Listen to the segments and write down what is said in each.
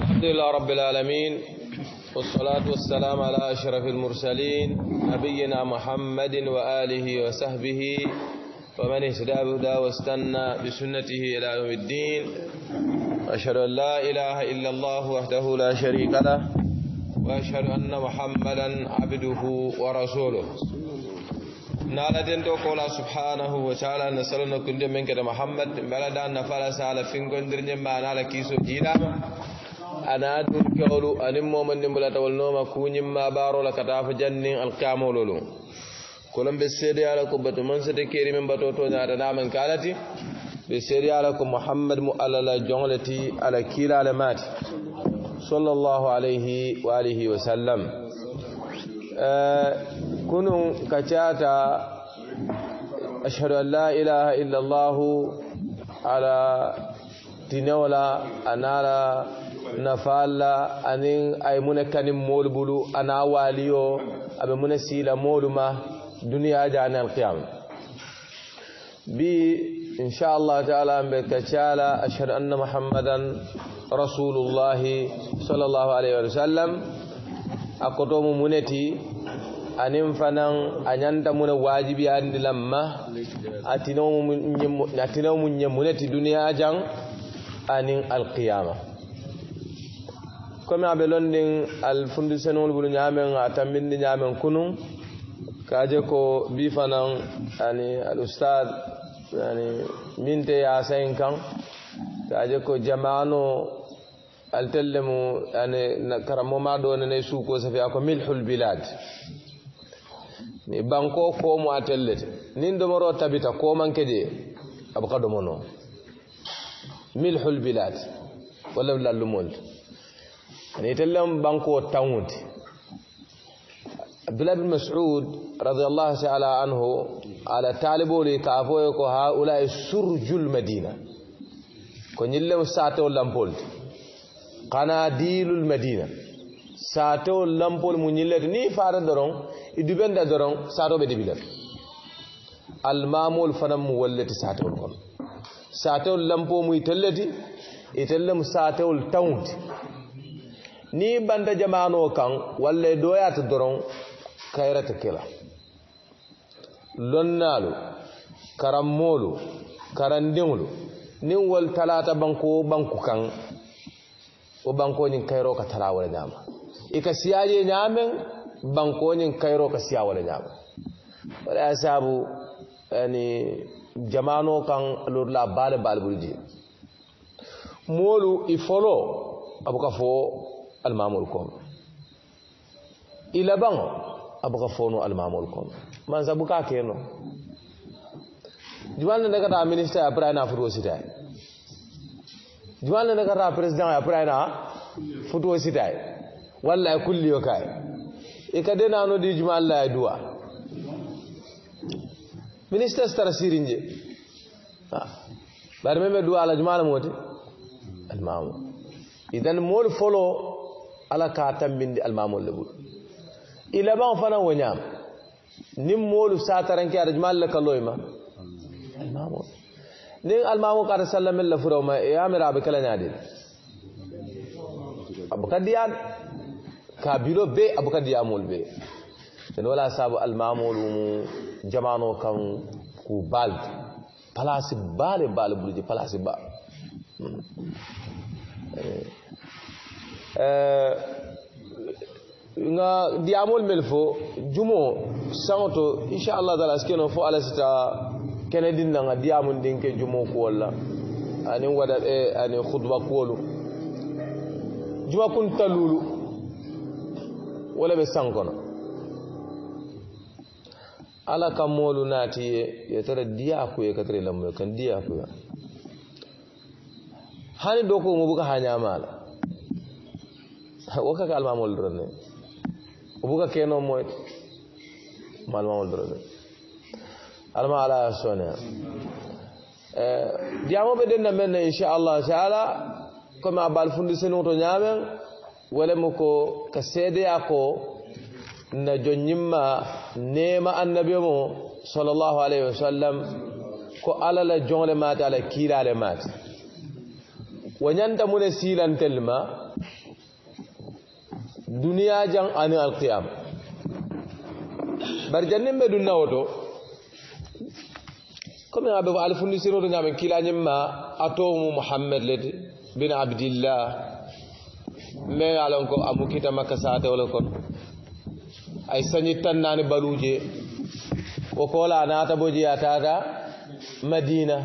الحمد لله رب العالمين والصلاة والسلام على أشرف المرسلين نبينا محمد وآله وصحبه ومن اهتدى بهدى واستنى بسنته إلى يوم الدين أشهد أن لا إله إلا الله وحده لا شريك له وأشهد أن محمدا عبده ورسوله نالا den do kola subhanahu wa ta'ala na salana kunde men kada muhammad bala فين na ما نالا كيسو dirnye أنا أدور كأولو أنا مومن نملا تقول نوما كوني ما بارو لك تعرف جنني القامو لولو كلهم بسيري على كوبا تمن سدكيري من بتوتو نار نامن كالتي بسيري على كوب محمد مؤلل جملتي على كيل على مات صلى الله عليه وآله وسلم آه، كنوا كتاتا أشهد أن لا إله إلا الله على تنولا أنالا nafala anin ay mune kanin moolu bulu ana waliyo aɓe mune siila moolu duniya jani alqiyama bi inchallah taala an ɓe ashhadu anna muhammadan rasulullahi sallallahu alaihi wasallam sallam muneti anin fanan a ñanta mune wajibi andi lamma atinomu ñe muneti duniya jan anin alqiyama comme aɓe londin alfundisenol ɓuru ñamen a tambindi ñamen kunun kaje ko bi fanan ani alustad yani minte yasayin kan kaje ko jamano altelle mu yani karamo ma ɗo nanayi suuko safiya ko milhul bilad ni banko komo a tellete nin domoro tabita komanke je aɓa ka ɗomono milhul bilad walla lallumolte يعني يتلم بانكو التاونت عبد الله بن مسعود رضي الله تعالى عنه على طالبو لي تافويكو هؤلاء سرج المدينه كون يلم ساتو لامبول قناديل المدينه ساتو لامبول مو نيلت ني فار درون يدبند درون ساتو بي دبيلر المامول فنم ولتي ساتو كون ساتو لامبو مو يتلتي يتلم ساتو التاونت ni banda jamano kan walle doyata doron ta kila lonnalu karammolu karandiŋolu ni wal talata banko banku o banko nin kairo ka tala wo ika siyaje nyamen banko nin kairo ka siyawala wo le ñaama wala ye saabu ani jamano kaŋ lorula baale baale bulu je moolu i abuka fo المامول كون إلى بان أبغى فونو المامول كون من سبكا كينو جوان لنا كتا مينيستا أبرانا فروسيتا جوان لنا كتا بريزدان أبرانا فروسيتا ولا كل يوكاي إكادنا نو دي جمال لا آه. دوا مينيستا ستار سيرينجي على جمال موتي المامول إذا مول فولو ala ka tambindi almamol le bulu ilaban fana wo ñaam nin moolu sataranke ada jumal le kaloy ma almamol nin almamo kata sallamel la furaw ma yamira abe kala ñaadin abuka diyaade be abuka diyamol be ten wala saabu almamolu jamano kan ku balde place baale baale buluji place ba nga diyamol mel fo jumo saŋo to inchallah taala sikeno fo ala sita kene din na nga diyamun din ke jumo kuwol la aniŋ wada aniŋ hutuba kuwolu juma kunta luulu wo be saŋ ala ka moolu ye ye tara diya kuye ka tara i lamuyo diya kuya hani doo ko buka hañamaa la وكا قال ما مول درني وبوكا كينو موي مال ما مول درني الما على سونا ديامو بدنا من ان شاء الله تعالى كما بالفند سنوتو نيامن ولم كو كسيدي اكو نجو نيما نيما النبي مو صلى الله عليه وسلم ko ala la jongle maate ala kiilaale maate wo ñanta mu ne siilantel ma duniya jang ani alqiyam bar jannin be dunna woto komi abe ko al fundi siro nyaami kila nyimma ato mu muhammad lati bin abdillah me alon ko amu kita makka saate wala kon ay sanyi tannani baluje o kola nata boji atata madina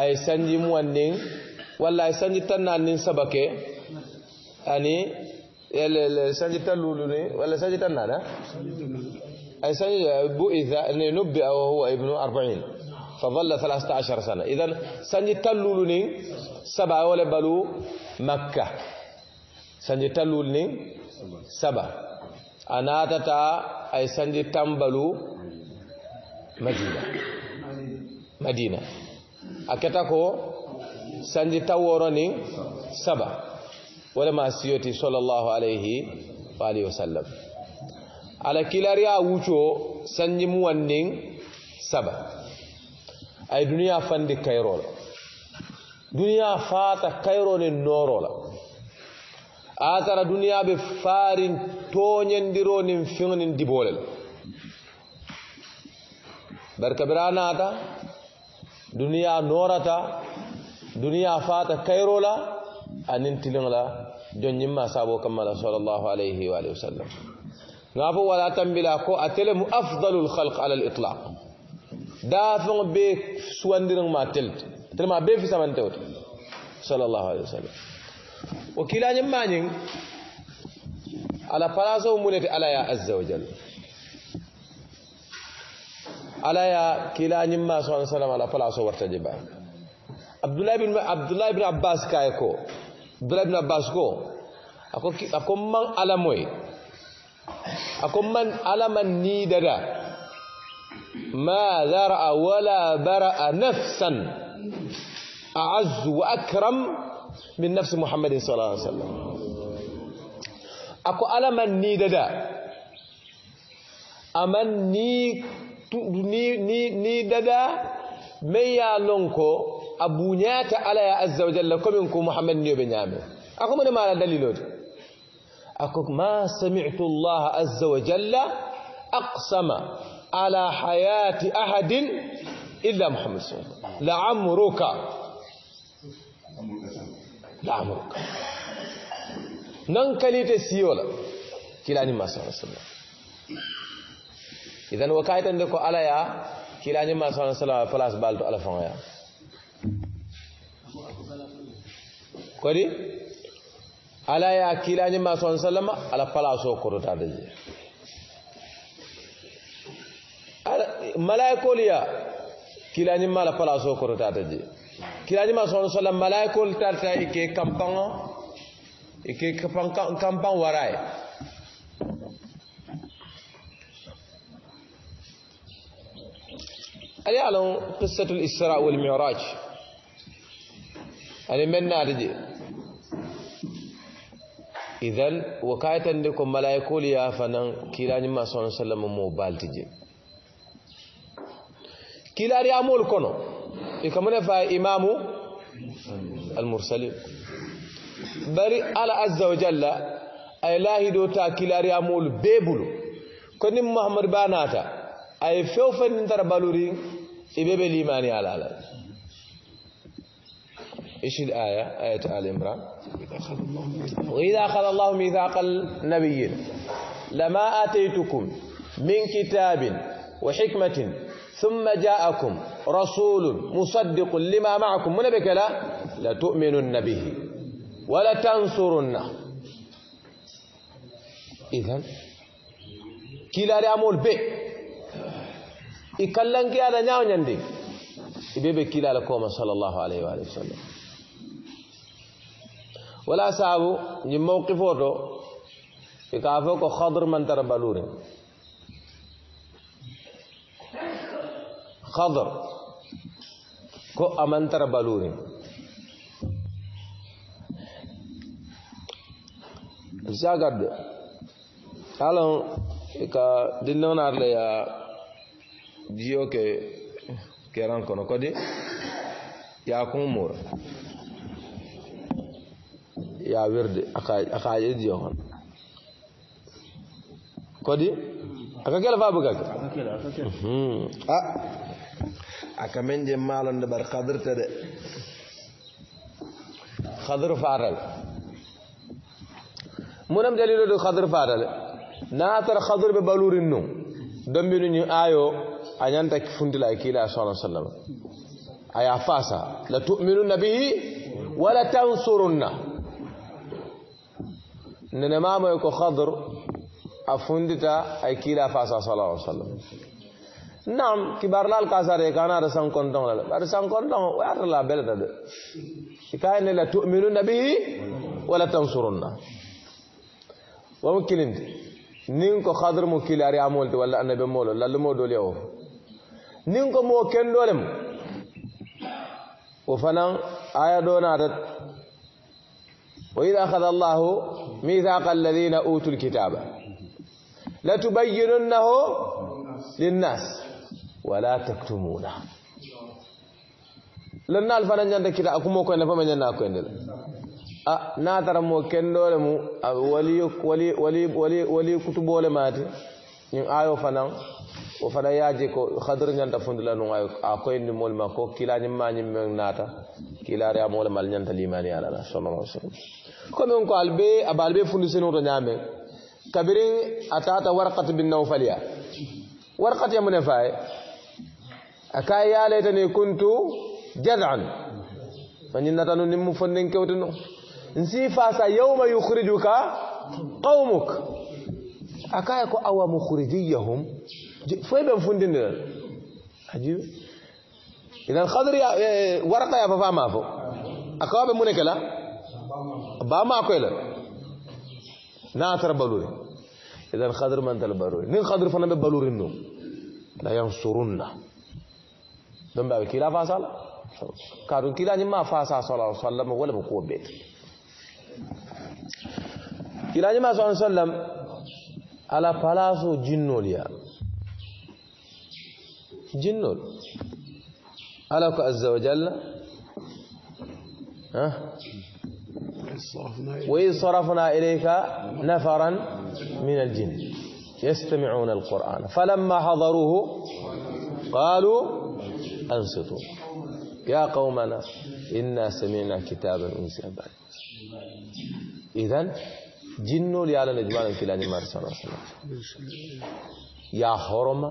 ay sanji mu wanding walla ay sanji tannani sabake ani sanji tan luluni walla sanji tan naɗa أي سنة بؤذ نبئ وهو ابن 40 فظل 13 سنة إذن سنة تلولني سبعة ولا بلو مكة سنة تلولني سبعة أنا تتا أي سنة تنبلو مدينة مدينة أكتاكو سنة تورني سبعة walama siyoti sallllahu alayhi wa alihi wa sallam ala wuco sanji muwan nin saba ay duniya fandi kayro la duniya fata kayro nin noro la tara duniya be faarin toñendiro nin fiŋnin dibole la barka bira naata duniya norata duniya faata kayro la أننت لغلا جن يما سابو كما صلى الله عليه وآله وسلم نعفو ولا تنبلا كو أتلم أفضل الخلق على الإطلاق دافن بيك سوان دينا ما تلت تلما بيك في سمان تلت صلى الله عليه وسلم وكلا نمانين على فلاسة ومولك على يا عز وجل على يا كلا نما صلى الله عليه وسلم على فلاسة ورتجبا عبد الله بن عبد الله بن عباس كايكو drive na abbas ko ako ako man ala moy ako man ala ni dada ma dara wala bara nafsan اعز واكرم من نفس محمد صلى الله عليه وسلم أكو ala من ni dada أمن ni ni ni, ni dada me أبونيات على يا عز وجل كم يكون محمد نيو بن يامي أكو من ما على دليل أكو ما سمعت الله عز وجل أقسم على حياة أحد إلا محمد صلى الله عليه وسلم لعمرك لعمرك ننكلي تسيولا كلاني ما صلى الله عليه وسلم إذن وكايت عندكم على يا كلاني ما صلى الله عليه وسلم فلاس بالتو على فنيا kodi ala ye a kiilañima son sallama ala palaso korotade je malayikolu ya kiilañima ala palaso korotade je kiilañima son sallam malayikolu tarta i ke kampaŋo i ke kampaŋ wara ye ali ye a loŋ qissatul isra walmiraj ani men naati je idan wo kayitandi ko malayikolu ye fanan kiilañima sa sallam mo balti je kiilaariyamolu kono i ka mune fa imamu almursalin bari ala azza wa jalla ay lahido ta kiilaariyamolu bee bulu ko nin mahamadu ba naata ay few fennin tara baluri i be be limani ala ala ايش الايه ايه ال عمران واذا اخذ الله ميثاق النبيين لما اتيتكم من كتاب وحكمه ثم جاءكم رسول مصدق لما معكم من بك لا لتؤمنن به ولتنصرنه اذا كلا رامول به يكلم ala nyaw nyandi ibebe kila ala koma sallallahu alaihi wa وسلم wala saabu ñiŋ mawkifoo to i ka a fo ko hadre man tara baluuriŋ hadre ko a man tara baluuriŋ sagad alon ka dinnonar le ya jiyo ke keran kono kodi ya kun mura ya wirde akaje idiyo hon kodi akakela fa bugaka a aka men je malande bar kadrte de kadr faral munam dalilo do kadr faral natar kadr be balurin no dombinu ñu ayo anyanta fundila kila sallallahu alaihi wasallam aya fasa la tu'minuna bihi wala tansurunna nana mama ko khadr afundita ay fa sallallahu alaihi wasallam nam kibarlal kasare kana da san kon don la da san kon don wa arla belata de kayne la tu'minuna bihi wala tansurunna wa mukilindi nin ko khadr mo kilari amolti walla annabi molo lallu mo dole o nin ko mo ken dolem o fanan aya do وإذا أخذ الله ميثاق الذين أوتوا الكتاب لتبيننه للناس ولا تكتمونه لن نعرف أن نجد كتاب أكمو كنا فما نجد كنا na tara mo kendole mu ولي ولي ولي wali kutubo le mati ñing وفنا ياجي كو خضر نانتا فندلا نو اي اكو ني مول ما كو كيلا ني ما ني مي ناتا كيلا ري مول مال نانتا لي مال يالا لا صلى الله عليه وسلم كوم اون كو البي ابالبي فندي سينو تو نيامي كبيرين اتاتا ورقه بن نوفليا ورقه يا من فاي اكا يا ليتني كنت جذعا فني ناتا نو نيم فندين كوتنو نسي فاسا يوم يخرجك قومك akaya ko awa mukhrijiyahum foy ɓen fundindiran ajiɓe idan khadri ya waraka ya fafa ma fo akawaɓe mune kela bamakoyla natara balure idan hadr mantala balure nin hadr fana ɓe baluri no la yansurunna ɗon ɓe kila kiila fa sala kaɗum kiilañimma fa sa sala sallam wala ɓe kuwo beete kiilañimma sa sallam على palaso جنول يا جنول على عز وجل ها jalla وإذ صرفنا إليك نفرا من الجن يستمعون القرآن فلما حضروه قالوا أنصتوا يا قومنا إنا سمعنا كتابا أنزل بعد إذن جنو لي على نجمان في لاني مارس الله صلى الله عليه وسلم يا حرمة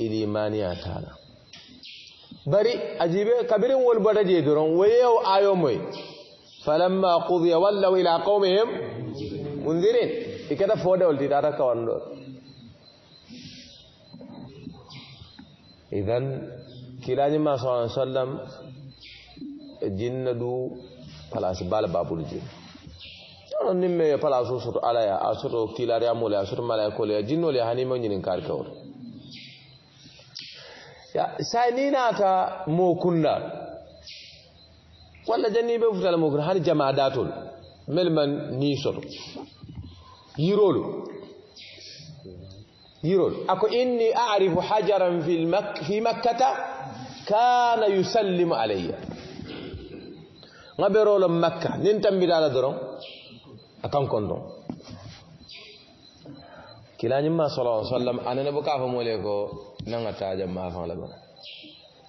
إلي ماني أتانا بري أجيب كبيرين والبرد جيدرون ويهو آيومي فلما قضي ولوا إلى قومهم منذرين إكذا فودة ولتي تارك واندور إذن كلاني ما صلى الله عليه وسلم جن دو خلاص بال باب الجن ɗon nin me pala a sosoto ala ya a soto kiilari a mole a soto malayikole ya jinnole ya hanima ñinin kaari kawto ya sai ni naata mo kunda walla janni ɓe futala mo kunda hani jama datol mel man ni soto yirolu يقول أكو إني أعرف حجرا في المك في مكة كان يسلم علي غبروا لهم مكة ننتم بدال درون akan kondo kilani ma sallallahu alaihi wasallam anana buka fa mole ko nan ata jamma fa la bana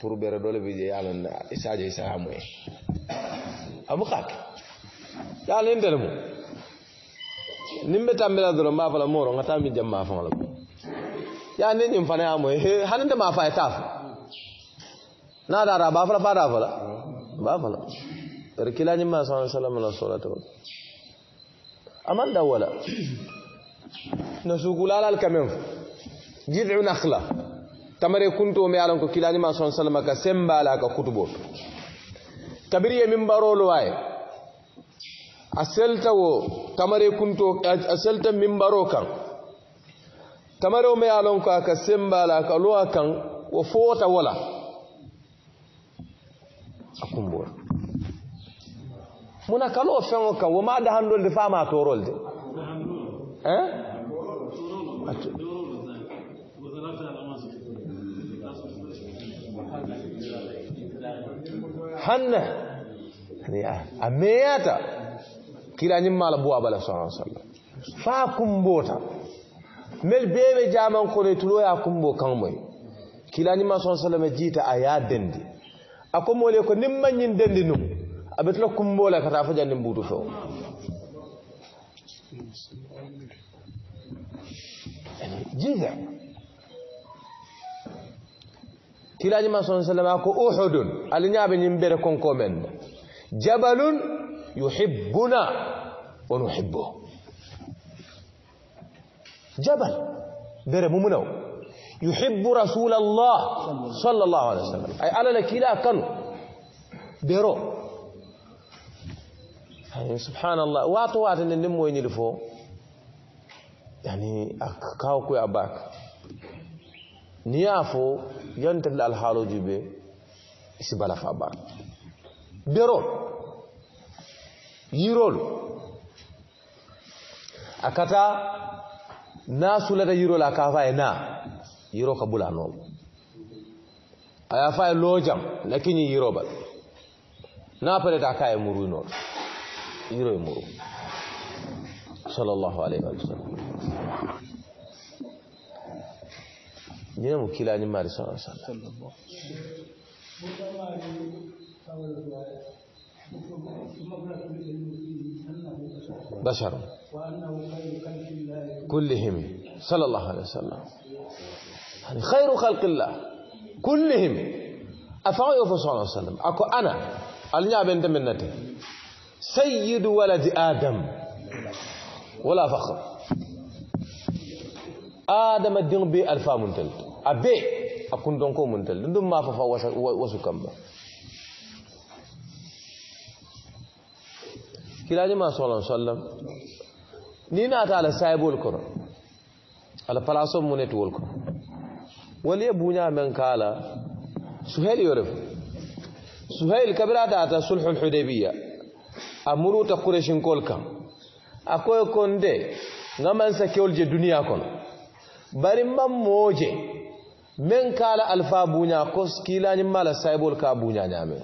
pour bere dole bi je yalan isa je isa hamu abu khak yalan dere mu nimbe tambira doro ma fa la moro ngata mi jamma fa la ya ne nim fa na hamu he ma fa ta na da ba fa fa da fa la ba fa la per kilani ma sallallahu alaihi wasallam la salatu amma da wala na su sukulala alkamin jirgin akhla tamar yakun to mai alanku kilani masu wani salama ka semba ka kutubo tabir yi min baro luwaye aselta wo tamar yakun to aselta min baro kan tamar yau mai alanku aka semba ka luwa kan wa fota wala a kumbuwa muna kalo feŋo kan wo ma dahandolde fa ma torolde hein hanna a meyata kirañim mala buwa bala sa sallam fa kumbota mel beɓe jaman kono tuloya kumbo kanmoy kilañima sa sallam jiita a ya dendi a ko mole ko dendi num abetla kumbola kata afaja ni mbutu fo jiza kilaji mason salama ko uhudun alinyabe nyimbere konko men jabalun yuhibbuna wa nuhibbu jabal bere mumunaw yuhibbu rasul allah sallallahu alaihi wasallam ay ala lakila kanu bero yani subhanallah wato wato ne nin moyi nilfo yani a kawo a bak ni ya fo yantar da alhalo jube isi balafa ba biro yi na su lada yi rol a kafa na yi ka bula no a ya lojam na kinyin yi rol ba na fara ta kayan muru nolu يروي مرو صلى الله عليه وسلم نعم كلا نمار صلى الله عليه وسلم بشر كلهم صلى الله عليه وسلم يعني خير خلق الله كلهم أفعوا يوفو صلى الله عليه وسلم أكو أنا ألنيا بنت من نتي سيد ولد آدم ولا فخر آدم الدين بي ألفا منتل أبي أكون دونكو منتل دون ما ففا وسو كم كلا جماعة صلى الله عليه وسلم نينا تعالى سايبو الكرة على فلاسو منت والكرة ولي بونا من قال سهيل يورف سهيل كبرات آتا صلح الحديبية a muruta kuresinkol kan konde ngaman sakewol je duniya kono bari man mooje men kala alfa buña kos kilañim mala saybol ka buña ñamen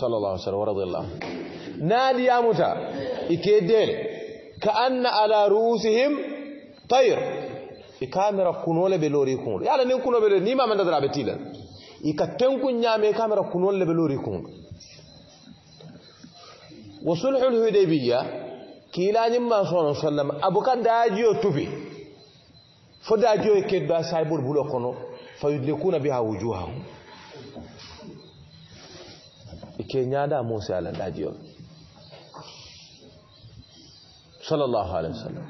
sallallahu alaihi wasallam radiyallahu nadiyamuta ike dele ka anna ala ruusihim tayr i kamera kunole belori kun kuŋol yala nin kuno ɓe loori ni mamandadara ɓe tilan i ka kamera kunol le ɓe وصلح الهديبية كيلا نما صلى الله عليه وسلم أبو كان داجيو تبي فداجيو كيدا سايبور بلوكونو فيدلكون بها وجوههم نادا موسى على داجيو صلى الله عليه وسلم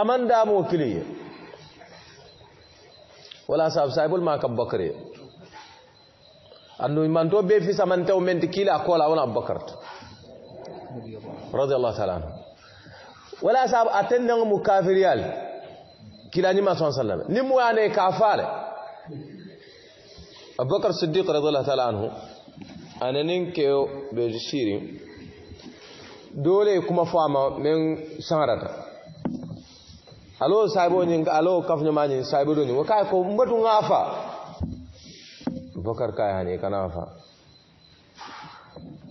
أمن دامو كلي ولا صاحب صاحب ما كان بكري أنو to be fi samante o menti kila ko la wona radiyallahu ta'ala anhu wala sabu atendan mu kafiriyal kila ni ni radiyallahu ta'ala ke shiri dole kuma fama sanarata alo alo ma nyin saibo do ni wakai ko mbatu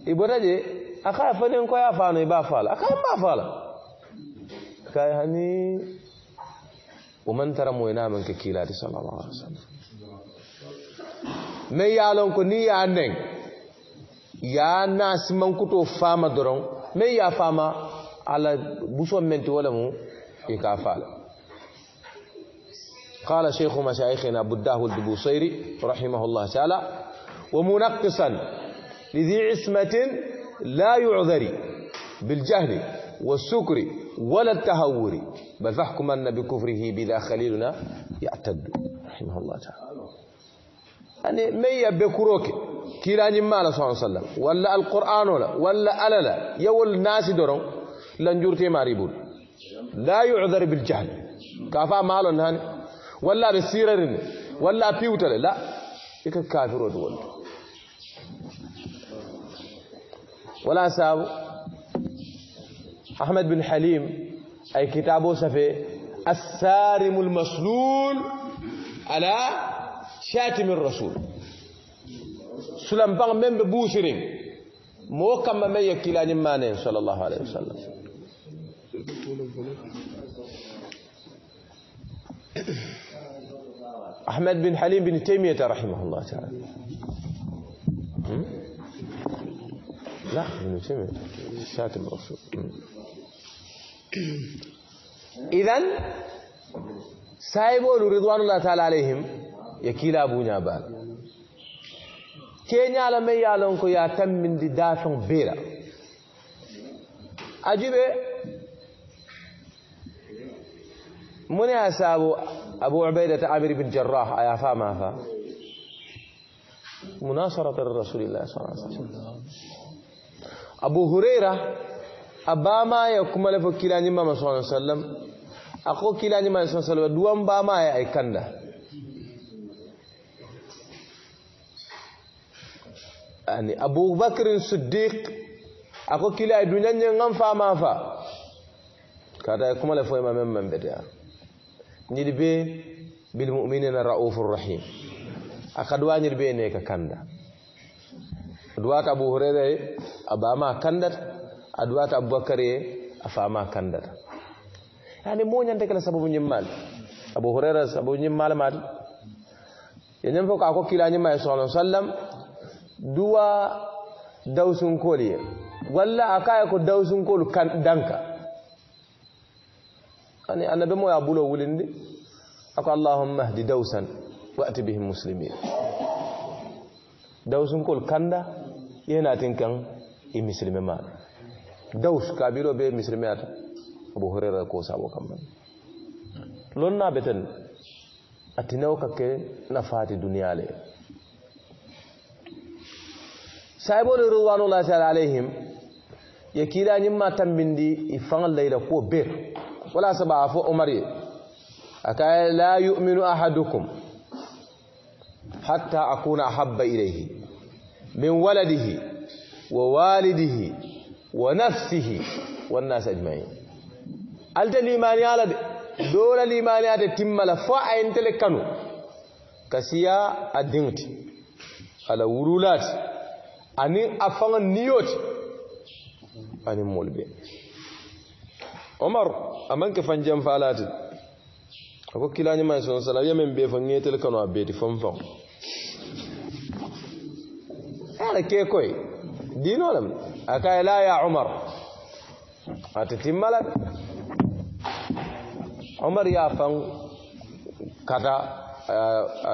ibodaje aka fane ko ya fano ba fala aka ba fala kai hani ومن ترى موينا من كيلاتي صلى الله عليه وسلم مي يالون كني يا نين يا ناس من كتو فاما درون مي يا فاما على بوسو منتي ولا مو يكافال قال شيخ مشايخنا ابو الدهو رحمه الله تعالى ومنقصا لذي عصمة لا يعذر بالجهل والسكر ولا التهور بل فاحكمن بكفره بذا خليلنا يعتد رحمه الله تعالى يعني مي بكروك كيلاني مالا صلى الله عليه وسلم ولا القرآن ولا ولا ألا لا يول الناس درون لنجورتي ماريبول لا يعذر بالجهل كافا مالون هاني ولا بالسيرة ولا بيوتل لا يك كافر ودولت ولا ساب أحمد بن حليم أي كتابه سفي السارم المسلول على شاتم الرسول سلام بان من ببوشرين مو كما من يكيلاني مانين صلى الله عليه وسلم أحمد بن حليم بن تيمية رحمه الله تعالى لا ابن تيمية الشاتم المقصود إذن سايبون رضوان الله تعالى عليهم كيلا بونا بال كينيا لما يالونكو يا تم من دافع بيرا أجيب من أسابو أبو عبيدة عامر بن جراح أيافا ما فا مناصرة الرسول الله صلى الله عليه وسلم abu huraira a ba ma ya kuma lafa kila nyima masu wani sallam a ko kila nyima masu wani sallam duwan ba ma ya aikan da abu bakirin a ko kila dunyan yin an fa mafa kada ya kuma lafa ima memman bida nyirbe bil na ra'ufin rahim a kaduwa nyirbe ne ka kanda aduwata abu hurera ye a bama kandata aduwata abubakar ye a fama kandata yani moñante kela sababu ñimmaali abu hurera sababu ñimmaali maati ye ñem fo ko a ko kila ñimma ye sala sallam duwa dawsunkoolu ye walla a kaye ko dawsunkoolu danka ani annabi mo ya bulo wulindi ako allahumma hdi dawsan wa'ti bihim muslimin dawsunkol kanda yana tinkan i musulmi ma daus kabiro be musulmi at abu hurairar ko sabo kamman lonna beten atinaw kake ke nafati duniya le saibol ridwanullahi ta'ala alaihim matan nyimma tambindi ifan laila ko be wala saba fo umar aka la yu'minu ahadukum hatta akuna habba ilayhi من ولده ووالده ونفسه والناس أجمعين ألت الإيمانيا لدي دول الإيمانيا دي تمال انت تلكنو كسيا الدينت على ورولات أني أفن نيوت أني مولبين عمر أمانك فنجم فالاتي أقول ما نمان سنسلا يمن بيفن يتلكنو أبيتي فنفن ala ke koy dino lam aka la ya umar atitimmala umar ya fan kata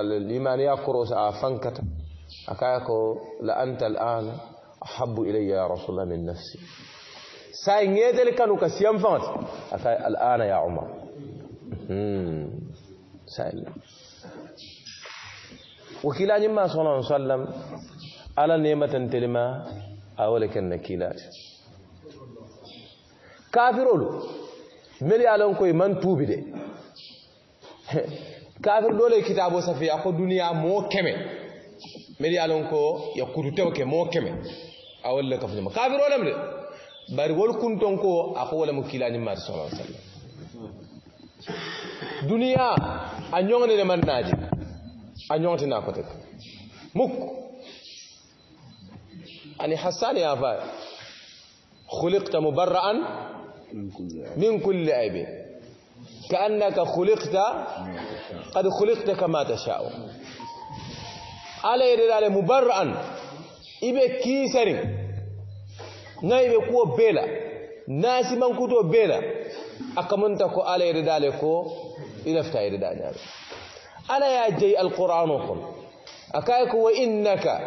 al-imaniya kuros a fan kata aka ko la anta al-an ahabbu ilayya ya rasulullah min nafsi sai ngedel kanu ka siyam fan aka al-an ya umar hmm sai وكلا جمع صلى الله عليه وسلم ala nematan telima awole kenna kiilati kafirolu meli alon koye man tuubi de kafir ɗole kitabo safiya ko duniya mo keme meli alon ko yakkutu tew ke mo keme awolle kafuñama kafir olem de bari wol kunton ko ako wolemo kiilañimmati sala sallam duniya a ñoŋnene man naaji a ñoŋtina kotek mukk يعني حسان يا فاي خلقت مبرئا من كل عيب كانك خلقت قد خلقت كما تشاء على يد الله مبرئا ايبي كيسري نايبي كو بلا ناس من كتو بلا اكمنت كو على يد الله كو الى فتا يد الله انا يا جي القران akaye ko wa innaka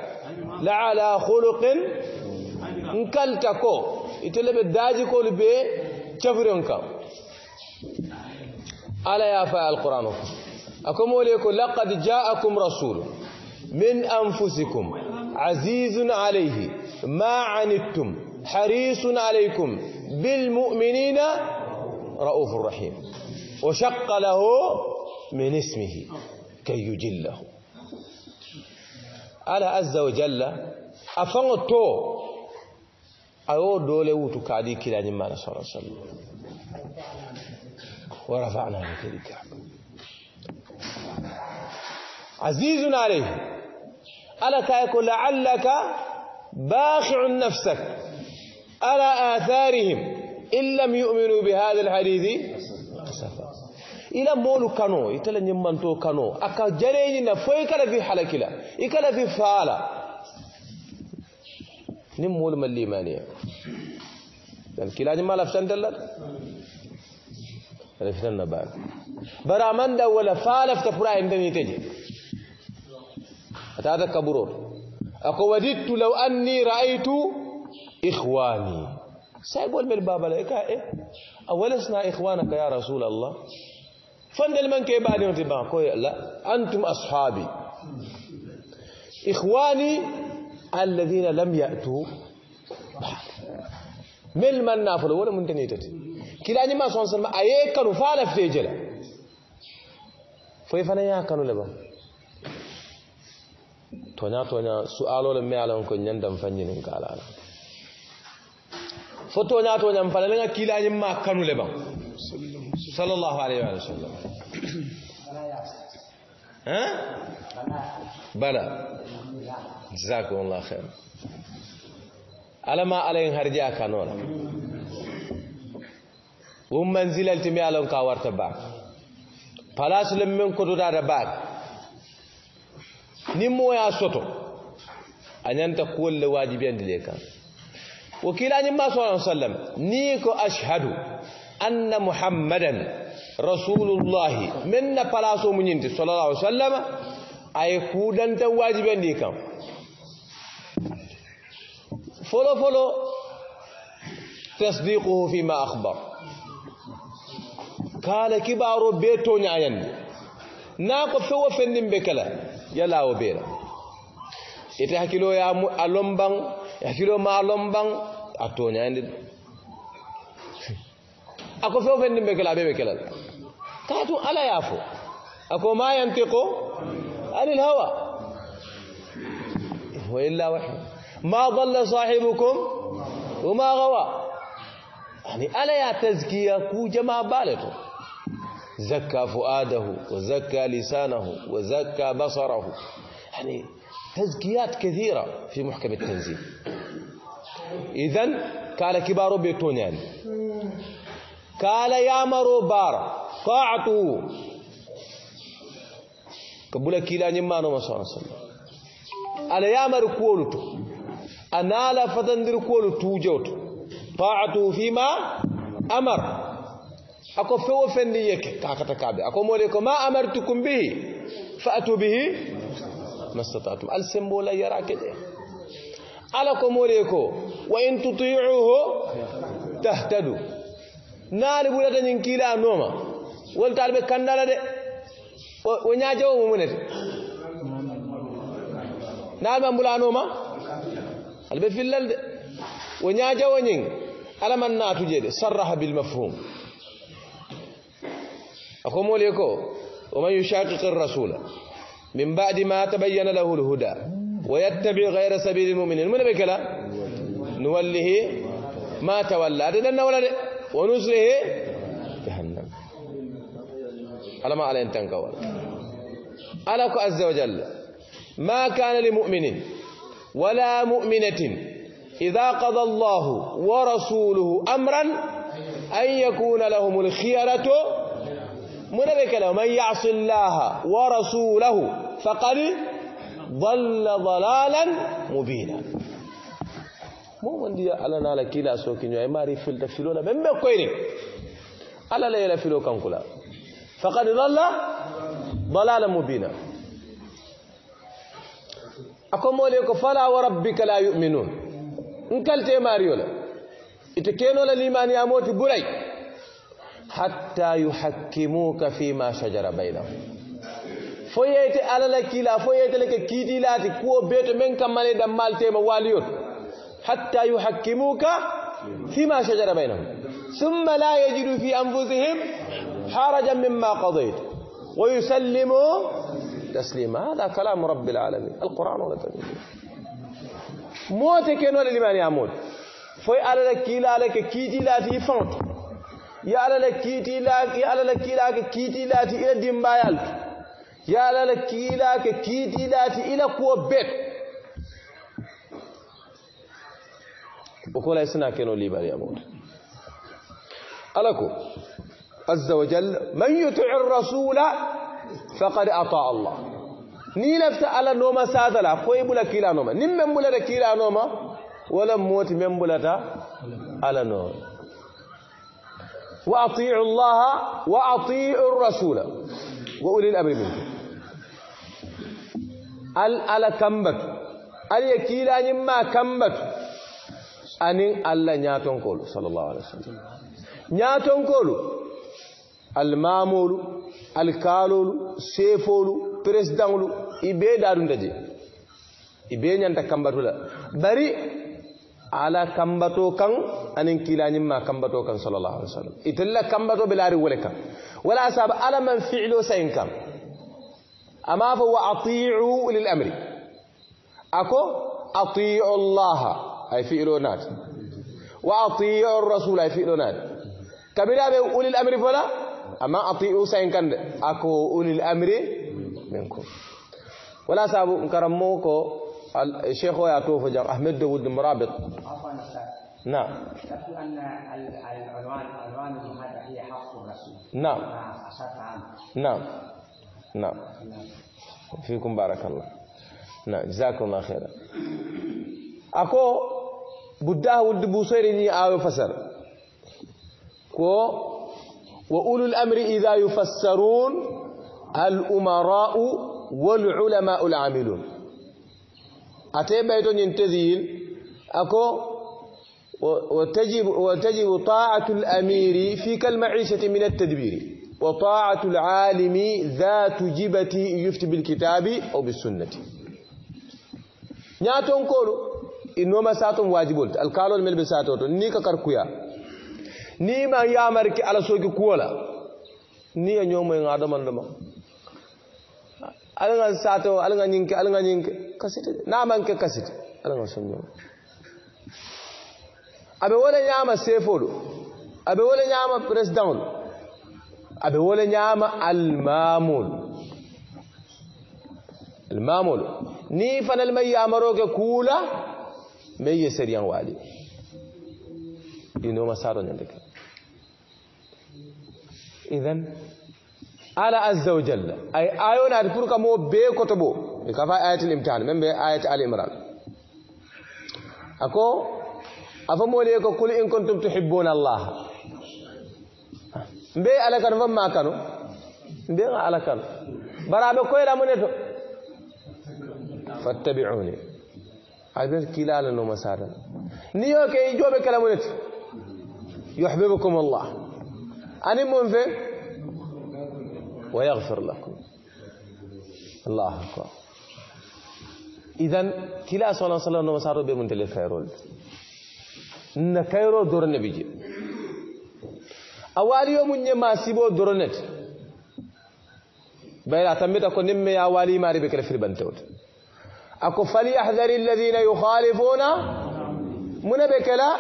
la ala khuluqin nkalta ko itele be daji ko be cafiron kam ala ya fa alquran akomo wole ko laqad ja'akum rasul min anfusikum azizun alayhi ma anittum harisun alaykum bil mu'minina raufur rahim wa shaqqa lahu min ismihi kay yujillahu ala azza wa jalla a faŋo to a yo doole wutu kaadi kilañi mana sa sallam wa rafana laka dikra azizun alayhi ala kaye ko laallaka baakiun nafsak ala atharihim in lam yuminu bihada alhadithi ila moolu kanoo ite la ñimmantoo kanoo a ka jareeñi na fo i ka lafi halakila i ka lafi faala niŋ moolu ma limaniya dan kilañima lafitantel la lafitan na baake bari a maŋ daw wala faa lafita pour a yentemite je a taata kaburoo to a ko wadittu law anni ra'aytu ikhwani saybol mel babala e ka e a walesna ikhwanaka ya rasul allah فندل من كي بعد يوم كوي لا أنتم أصحابي إخواني الذين لم يأتوا بعد مل من نافل ولا من تنيتت كلا ما سون سلم أيه كانوا فعل في جلا فيفنا فنيا كانوا لبا تونا تونا سؤالو لم يعلم كن يندم فنجين كالا فتونا تونا فلنا كلا ما كانوا لبا صلى الله عليه وعلى آله وسلم ها بلا جزاكم الله خير على ما علينا هرجع كانورا ومنزل التمي على القوار تبع فلا سلم من كرودا ربع نمو يا سوتو أن أنت كل واجبين لك وكيل أن ما صلى الله عليه وسلم نيكو أشهدو أن محمدا رسول الله من بلاسو منينتي صلى الله عليه وسلم أي كودن تواجبا ديكم فلو فلو تصديقه فيما أخبر قال كبار بيتون عين ناقف فو فندم بكلا يلا وبيرا يتحكي له يا ألومبان يحكي له ما ألومبان أتوني عندي ako fewo fen dimbe kala be bebe kelal katu ala yafo ako ma yantiqu anil hawa wa illa wahyu ma dhalla sahibukum وما غوى يعني ألا يا تزكية كو جماعة بالته زكى فؤاده وزكى لسانه وزكى بصره يعني تزكيات كثيرة في محكم التنزيل اذا قال كبار بيتون يعني قال يا بار طاعته قبل كيلا نمانو صلى الله عليه وسلم على يا مرو كولتو انا لا فتندر كولتو جوت طاعته فيما امر اكو فو فندي كاكتا كابي اكو موليكو ما امرتكم به فاتوا به ما استطعتم لا يراك دي على كو موليكو وان تطيعوه تهتدوا naali ɓurata ñin kiila nooma woltaal ɓe kandala de wo ñaajawo mo munete naali ma mbulanooma aɗa ɓe fillal de wo ñaajawo ñin alaman naatuje de sarraha bilmafhum ako moole ko ومن يشاقق الرسول من بعد ما تبين له الهدى ويتبع غير سبيل المؤمنين من بكلا نوله ما تولى هذا ولا ده ونزل ايه جهنم على ما علينا تنكور على عز وجل ما كان لمؤمن ولا مؤمنة إذا قضى الله ورسوله أمرا أن يكون لهم الخيرة من ذلك من يعص الله ورسوله فقد ضل ضلالا مبينا mo wondi ala nala kila so kinyo e mari filta filola membe koyni ala la yela filo kankula faqad dhalla ضلالا مبينا ako moole ko fala wa rabbika la yu'minun nkalte mariyo la ite kenola limaniyamoti ɓuray hatta yuhakkimuka fima shajara baynahum fo yeyte alala kiila fo yeyteleke kiiɗilati kuwo beeto men kammane dammal tema waliyot حتى يحكموك فيما شجر بينهم ثم لا يجدوا في أنفسهم حرجا مما قضيت ويسلموا تسليما هذا كلام رب العالمين القرآن ولا تجد موتك ينوى للمان يموت فوي على لك لا لك كيتي لا تي فانت يا على لك كيتي لا يا على لك لا كيتي لا تي إلى ديمبايال يا على لك لا كيتي لا تي إلى كوبيت وكل سنا كينو لي بار يموت الكو عز وجل من يطع الرسول فقد اطاع الله ني لفت على نوما سادلا كوي بلا كيلا نوما نيم ميم بولا كيلا نوما ولا موت من بلا تا على نوما واطيع الله واطيع الرسول واولي الامر منكم al ala kambatu al yakila nyimma kambatu anin allah ñatonkolu sallllahu alih wa sallam ñatonkolu almamolu alkaalolu seefolu présidentlu i bee daadunta je i bee ñanta kambatula bari ala kambato kan anin kilañimma kambato kan sallllahu alih wa sallam itella kambato ɓe laari wole kan wala saabu ala man fiilo sayin kan ama fo wa atiu lil amri ako atiu llaha ay fi'ilo naat wa ati'u ar-rasul ay fi'ilo naat kabira be ulil amri fola amma ati'u sayin kande ako ulil amri minkum wala sabu karammo ko الشيخ يا توفى احمد داوود المرابط عفوا نعم ذكر ان العنوان عنوان هذا هي حق الرسول نعم نعم نعم فيكم بارك الله نعم جزاكم الله خيرا اكو بداه ولد بوسيرني آو فسر كو وأولو الأمر إذا يفسرون الأمراء والعلماء العاملون أتي بيتون ينتذين أكو وتجب, وتجب طاعة الأمير في كالمعيشة من التدبير وطاعة العالم ذات جبتي يفتي بالكتاب أو بالسنة ناتون كولو inoma satun wajibol alkalol mel be sato to ni ka kar kuya ni ma yamar ki ala soki kuola ni ya nyomo nga adaman dama ala nga sato ala nga nyinke ala nga nyinke kasite na manke kasite ala nga sonyo abe wala nyama sefolo abe wala nyama president abe wala nyama almamul المامول ني فنل مي امروك كولا me yeseriyan waali inoma saroñande ka idan ala azza wa jalla ay ayonaade pour que mo bee koto ɓo e kafa ayatel imtihan même ɓe ayata al imran ako afa moole ko qul in kuntum tuhibbuna allaha mbe ala kano fam ma kano mbe ala kano baraɓe koyɗa mone to fattabiuni البيت كلا لنا مسارا نيوك يجوا بكلامونت يحببكم الله اني من في ويغفر لكم الله أكبر اذا كلا صلى الله عليه وسلم مسارو بمن تلي خيرول نكيرو دور النبي أوالي يوم ما سيبو دورنت بيرا تمتا كون يا والي ماري بكرفر بنتوت أكو فليحذر الذين يخالفون من بكلا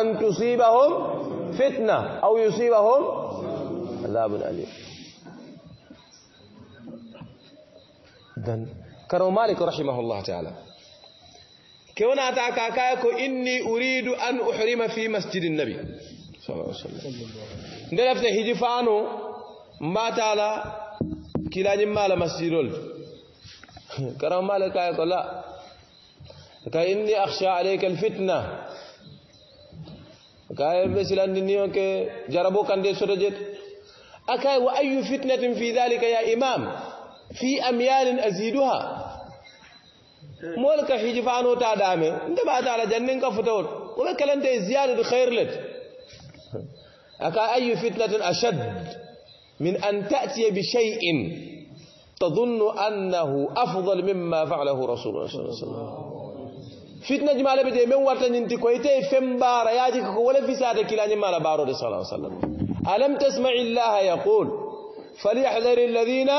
أن تصيبهم فتنة أو يصيبهم عذاب أليم دن كرم مالك رحمه الله تعالى كون أتاك كايكو إني أريد أن أحرم في مسجد النبي صلى الله عليه وسلم ندرفت هجفانو ما تعالى كلا نمال مسجد كرم مالك آية لا كاي إني أخشى عليك الفتنة كاي مثلا نيو كي جربو كان دي سرجت أكاي وأي فتنة في ذلك يا إمام في أميال أزيدها مولك تا دامي انت بعد على جنن كفتوت انت زيادة خير لك أكا أي فتنة أشد من أن تأتي بشيء تظن أنه أفضل مما فعله رسول الله صلى الله عليه وسلم fitna jumala be de men warta ñinti koy te fem bara yaji ko wala fisade kilani mala baro de sallallahu alaihi wasallam alam tasma'i allah yaqul falyahdhar alladhina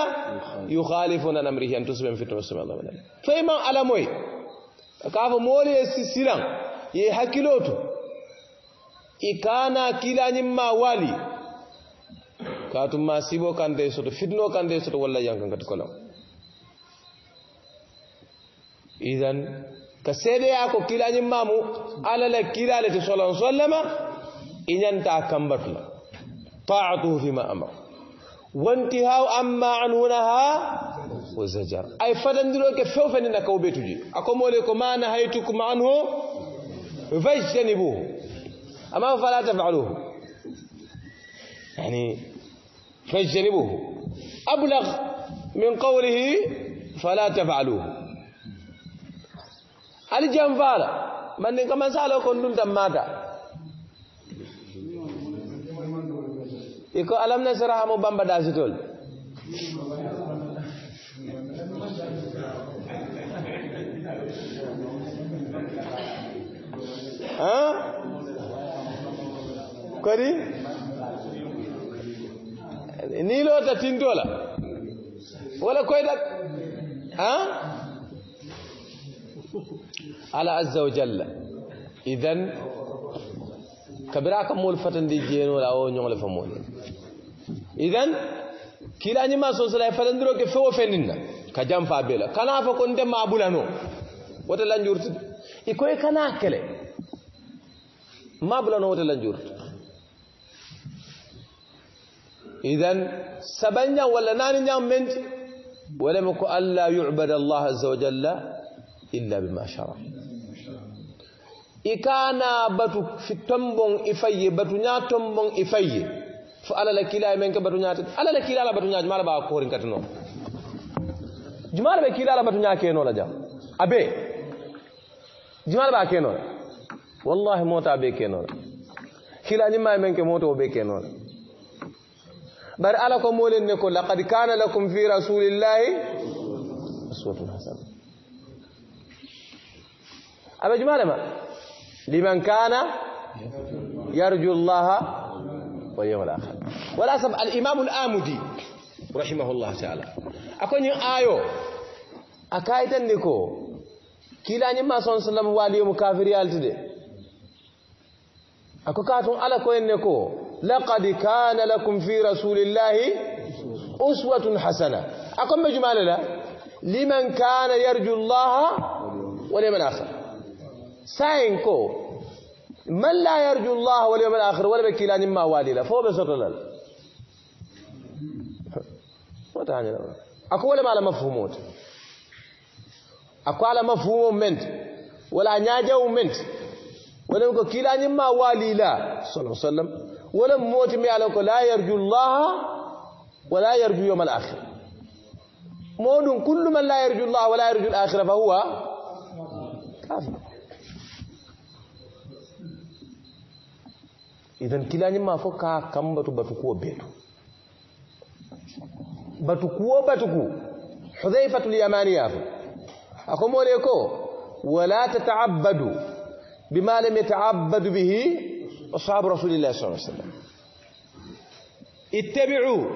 yukhalifuna an amrihi an tusbim fitna usma allah wala fayma ala moy kafa mole silan ye hakiloto ikana kilani ma wali كاتم ما سيبو كان دي سوتو فيدنو كان دي سوتو ولا يانك كات كولو اذن كسيدي اكو كيلا ني مامو على لا كيلا لا تي صلو صلما انتا كمبتلا طاعته فيما امر وانتهاء اما عن هناها وزجر اي فدان ديرو كي فوف ني نكو بيتو دي اكو مولي كو ما نهيتكم عنه فاجتنبوه اما فلا تفعلوه يعني فاجتنبوه أبلغ من قوله فلا تفعلوه الجنفال من كما سألوا كنتم تماتا يقول ألم نسرها مبامبا داستول ها كوري ni lo ta tin dola wala koy dak a ala azza wa jalla idan kabira kam mul ka mool fatandi jeenola awo ñogle fa mo idan kila ni ma so so sosala e fatandiro ke fewo fendinna ka jam fa bela kana fa ko ndem nte mabulano wote lanjurtude e koye kana kele ma bula mabulano wote lanjurtu إذن سبنجا ولا نانجا منت ولم يكن ألا يعبد الله عز وجل إلا بما شرع إكانا باتو في تنبون إفاي باتو نيا تنبون إفاي فألا إلا منك باتو نيا ألا لك إلا باتو نيا جمال با كورين كتنو جمال بكلا لا باتو نيا كينو لجا أبي جمال با كينو والله موت أبي كينو كلا نما منك موتو أبي كينو بر على كمول نكو لقد كان لكم في رسول الله أسوة حسنة أبا جمال ما لمن كان يرجو الله واليوم الآخر ولا سب الإمام الآمدي رحمه الله تعالى أكون آيو أكايت نكو كلا ما صلى الله عليه وسلم واليوم كافر يالتدي أكو كاتم على كوين نكو لقد كان لكم في رسول الله أسوة حسنة أقم بجمال لا لمن كان يرجو الله واليوم الآخر ساينكو من لا يرجو الله واليوم الآخر ولا بكي لا نما والي لا فهو بسر لا وتعني لا أكو ولا ما على مفهومات أكو على مفهوم منت ولا ناجو منت ولا بكي لا نما والي لا صلى الله عليه وسلم ولم موت مي لا يرجو الله ولا يرجو يوم الآخر مود كل من لا يرجو الله ولا يرجو الآخرة فهو كافر إذا كلا نما فكا كم بتبتكو بيتو بتكو كوا حذيفة اليماني أقوم لكم ولا تتعبدوا بما لم يتعبد به أصحاب رسول الله صلى الله عليه وسلم اتبعوا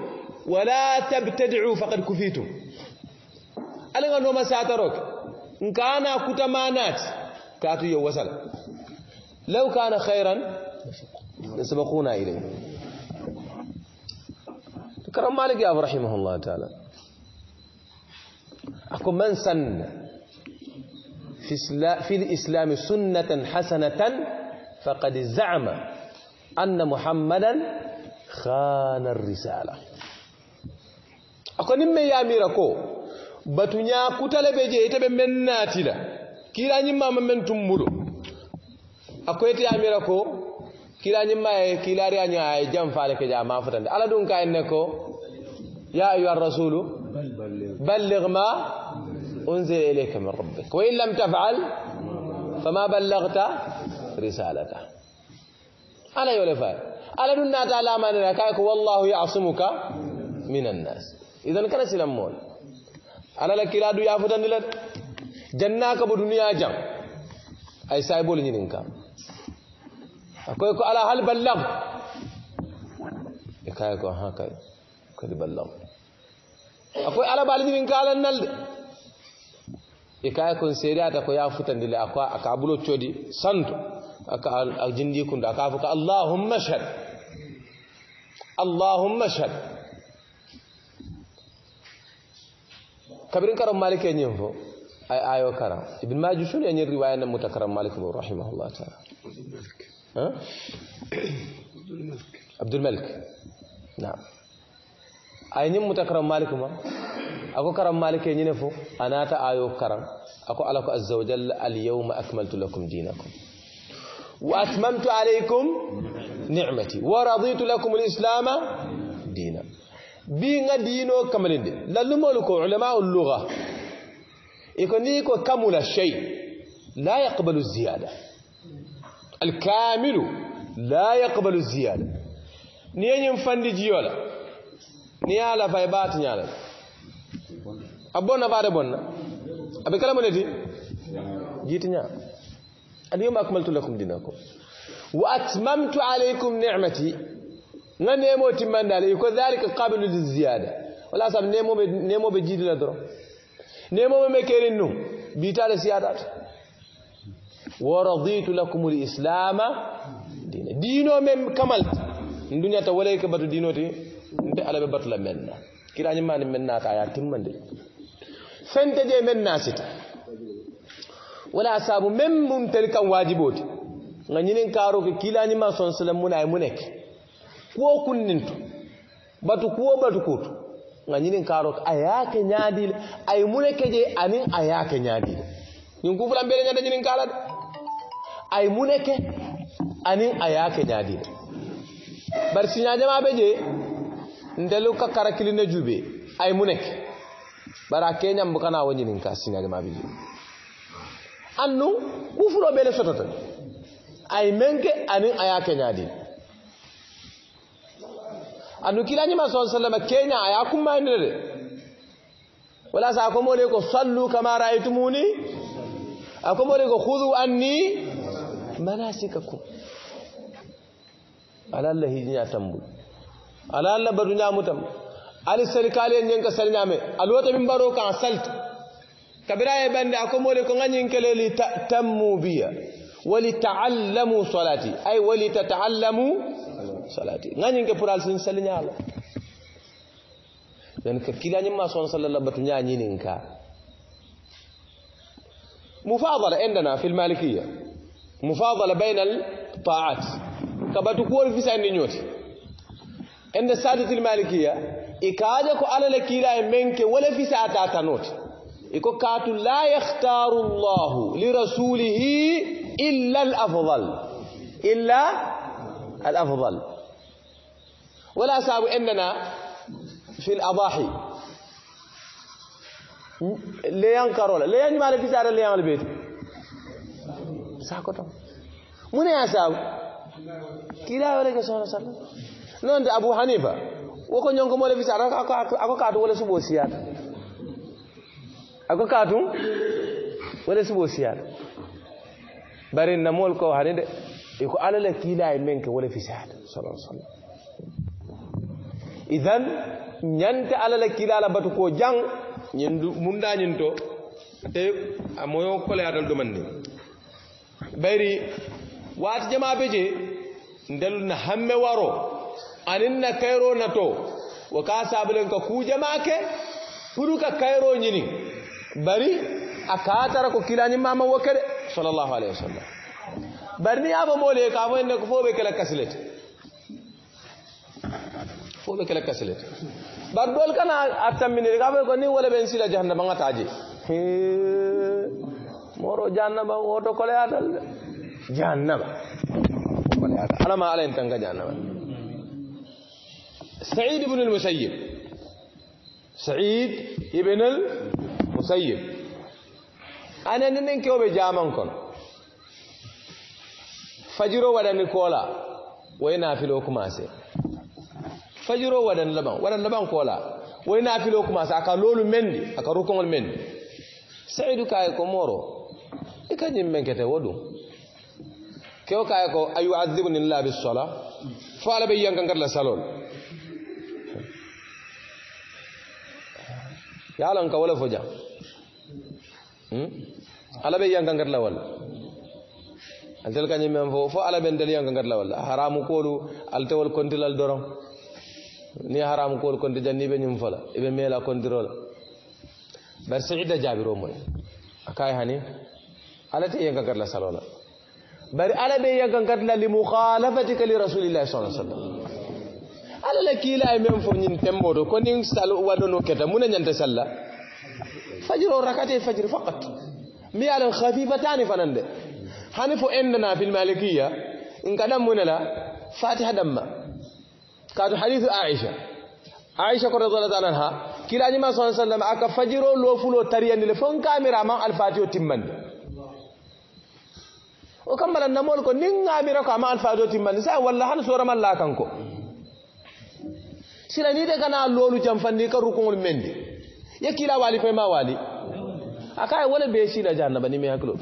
ولا تبتدعوا فقد كفيتم ألغا نوما ساترك إن كان كتمانات كاتو يوصل لو كان خيرا لسبقونا إليه كرم مالك يا أبو رحمه الله تعالى أكو من سن في, في الإسلام سنة حسنة فقد زعم أن محمدا خان الرسالة أكون يا ميركو باتنيا كتلة بيجي يتبع من ناتلا كيرا نما من تمبرو أكو ما كيرا نما كيرا ريانيا يجام فالك جاما فتند ألا دون كأنكو يا أيها الرسول بلغ ما أنزل إليك من ربك وإن لم تفعل فما بلغت رسالته على يولفان على دون ناتا لا ما نراك والله يعصمك من الناس اذا كان سلمون على لك لا دو يافدان لد جناك بدنيا جم اي سايبول نينكا اكو على هل بلغ يكايكو هاكاي قد بلغ اكو على بالي نينكا على النلد ikaya kun seriya ta ko ya futan dile akwa akabulo chodi santo aka aljindi kun da aka fuka allahumma shahad allahumma shahad kabirin karam malike nyimbo ay ayo kara ibn majah shun yin riwaya na mutakaram malik rahimahullah ta'ala abdul ha abdul malik na'am ay ñiŋ muta karam malik ma ako karam malik ye ñine fo anata ayo karam ako ala ko azza wa jalla al yawma akmaltu lakum dinakum wa atmamtu alaykum ni'mati wa raditu lakum al islam dina bi nga dino kamalinde lallumol ko ulama al lugha iko ni ko kamula shay la yaqbalu ziyada al kamilu la yaqbalu ziyada ni yenyum fandi jiyola ni ye a lafa i be a tiña la a bonna baade bonna a be kala mu ne ti jiitiña alyawma akmaltu lakum dinakum wa atmamtu alaykum ni'mati nga nemo timmandale ko dhalika qabilu liziyada wala sab nemo be nemo be jiidi la doro nemo be kerin nu biitale siyadat wa raditu lakum alislama dina dino mem kamal dunyata walayka batu dinoti nte ala be batula men na kirañi mani men naata a ye timmandi fente je men na sita wala saabu men mun tel kan waajiboo ti nga ñinin kaaro ke kiilañima son sallam mun aye mu nekke kuwo batu kuwo batu kuutu nga ñinin kaaro ke a yaake ñaadiile je anin a yaake ñaadiile ñin kufulan mbele ñanda ñinin kaala de aye anin a yaake ñaadiile bari siñaajama be ndelu ka karakili ne jube ay mu nek bara ke bu kana woni nin ka signal ma bi annu ku fulo bele sototo ay menke ani aya ke nyaadi annu kila nyima sallallahu alaihi kenya aya kuma ne wala sa ko mole ko sallu kama raaitumuni ako mole ko khudhu anni manasikakum ala allah hijinya tambu. ala alla badu ñamutam ali salikale ñen ka salñame alwata min baro kan salt kabira e bande akomole ko ngañin keleli tammu biya ولتعلموا صلاتي أي ولتتعلموا صلاتي غاني نك برال سن سل نيالا دان ك كيلا ني ما صلى الله بتو نياني مفاضله عندنا في المالكيه مفاضله بين الطاعات كبتقول في سن نيوتي عند السادة المالكية إكادك على لكيلا منك ولا في ساعة تنوت إكو كاتو لا يختار الله لرسوله إلا الأفضل إلا الأفضل ولا سابو أننا في الأضاحي ليان كارولا ليان ما لك ساعة ليان البيت ساكتو من يا سابو كلا ولك صلى الله عليه وسلم nonde abou hanifa woko ñonko mole fi sara ako kaatu wala subo siyata ako kaatu wala subo siyata bari namol ko hani de iko ala la kiilaye men ke wala fi siyata salaa sallam idan ñante ala la kiilala batu ko jang ñin mundañin to te a moyo koleyatal ɗuman ni bayri waati jama be je ndelna hamme waro anin na kayro na to wo ka sabulen ka kujama ke puru ka kayro ñini bari a katara ko kilañi mama wo kede sallallahu alayhi wa sallam bari ni yafa moole ka fo ne ko fo ɓe kela kasilete fo ɓe kela kasilete bar dol kana a tamminiri ka foy ko ni wala ɓen sila jahannaba ga taji moro jahannaba woto koleyatal de jahannaba koleyatal alama ala en tan ka jahannaba سعيد بن المسيب سعيد بن المسيب انا ننكو بجامنكم فجر ودن كولا وين افلو كماس فجر ودن لبن ودن لبن كولا وين افلو كماس اكا لولو مندي اكا ركون المندي سعيد كاي كومورو ايكاني منكته ودو كيو كاي كو ايعذبني الله بالصلاه فعل بيان كان كلا سالون yalan ka wala foja hmm ala be yang gangar lawal antel kany men fo fo ala ben del yang gangar lawal haram ko lu al tawal kontilal dorom ni haram ko konti janni be nyum fala ibe mela kontirol bar sa'ida jabiro mun akai hani ala te yang gangar la salola bari ala be yang gangar la li mukhalafatika li rasulillahi sallallahu alaihi wasallam la kiila ye meŋ fo ñiŋ tembo to ko niŋ sal wadono keta mu ne ñanta salla fajiro rakate fajiri fakat mi ye a loŋ hafifatani fanaŋ de hani fo endana fil malikiya nka ɗam mu ne la fatiha ɗamma kaatu hadithu aicha aicha ko radiallahu taala anha kiilañima sa sallam aka fajiro lofulo tariyandi le fon kamira man alfatiho timmandi o kambala namol ko nin gamira ko ama alfatiho timmandi sa walla han soramal la kanko sila ni de kana lolu jamfandi ka rukungol mendi ye kila wali fe ma wali akaye wala be sila jahannaba ni me haklo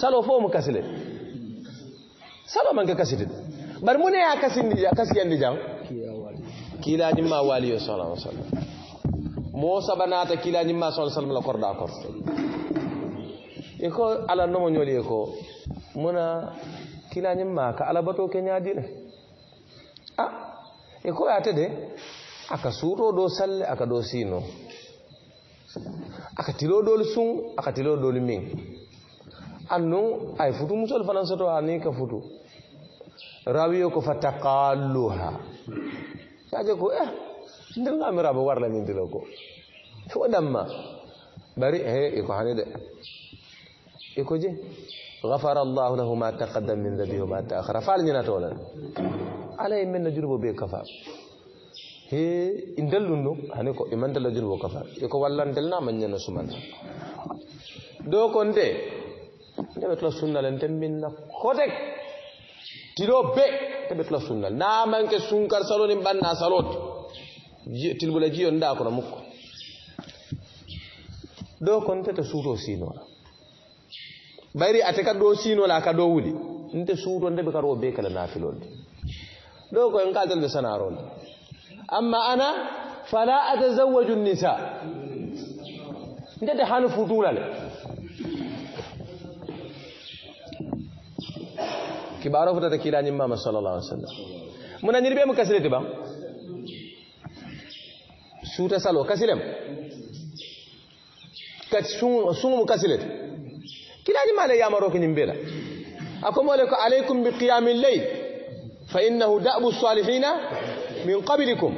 salo fo mu kasile salo man ka kaside bar mu ne ya kasindi ya kasiyandi jam kila ni ma wali yo sallallahu alaihi wasallam mo sabanata kila ni ma sallallahu alaihi wasallam la korda kor iko ala nomo nyoli ko muna kilañim ma ka alabato ke ñadire a e koyate de aka suuto do salle aka do sino aka tilo dol sun aka tilo dol min annun ay futu musol fanan soto ani ka futu rawiyo ko fa taqalluha kaje ko eh ndir nga mi rabo warla min dilo ko fo damma bari he eh, e ko hanede e ko je غفر الله له ما تقدم من ذنبه وما تأخر فعل من أتولا عليه من نجربه به كفا هي إندل نو هنيكو إمان دل نجربه كفا يكو والله إندل نا من ينا سمان دو كنت تبتلا سنة لنتم من نخوتك تلو بي تبتلا سنة نا من كسنكر سلون إمبان ناسالوت تلبولجي يندا أكونا مكو دو كنت تسوتو سينو bari ate ka do sinola aka do wuli nte suutonde ɓe karo be kala nafilolde ɗo koyen kaltel ɓe sanarole amma ana fala atazawaju nisa ntete hani futulale kibaro fotata kilañimmama sallallah alih w sallam munañiri ɓe mo kasilete ɓam suuta salo kasilem kati suŋo mo kasilete كلاني ما لي أمرك نبيلا أقوم لك عليكم بقيام الليل فإنه دأب الصالحين من قبلكم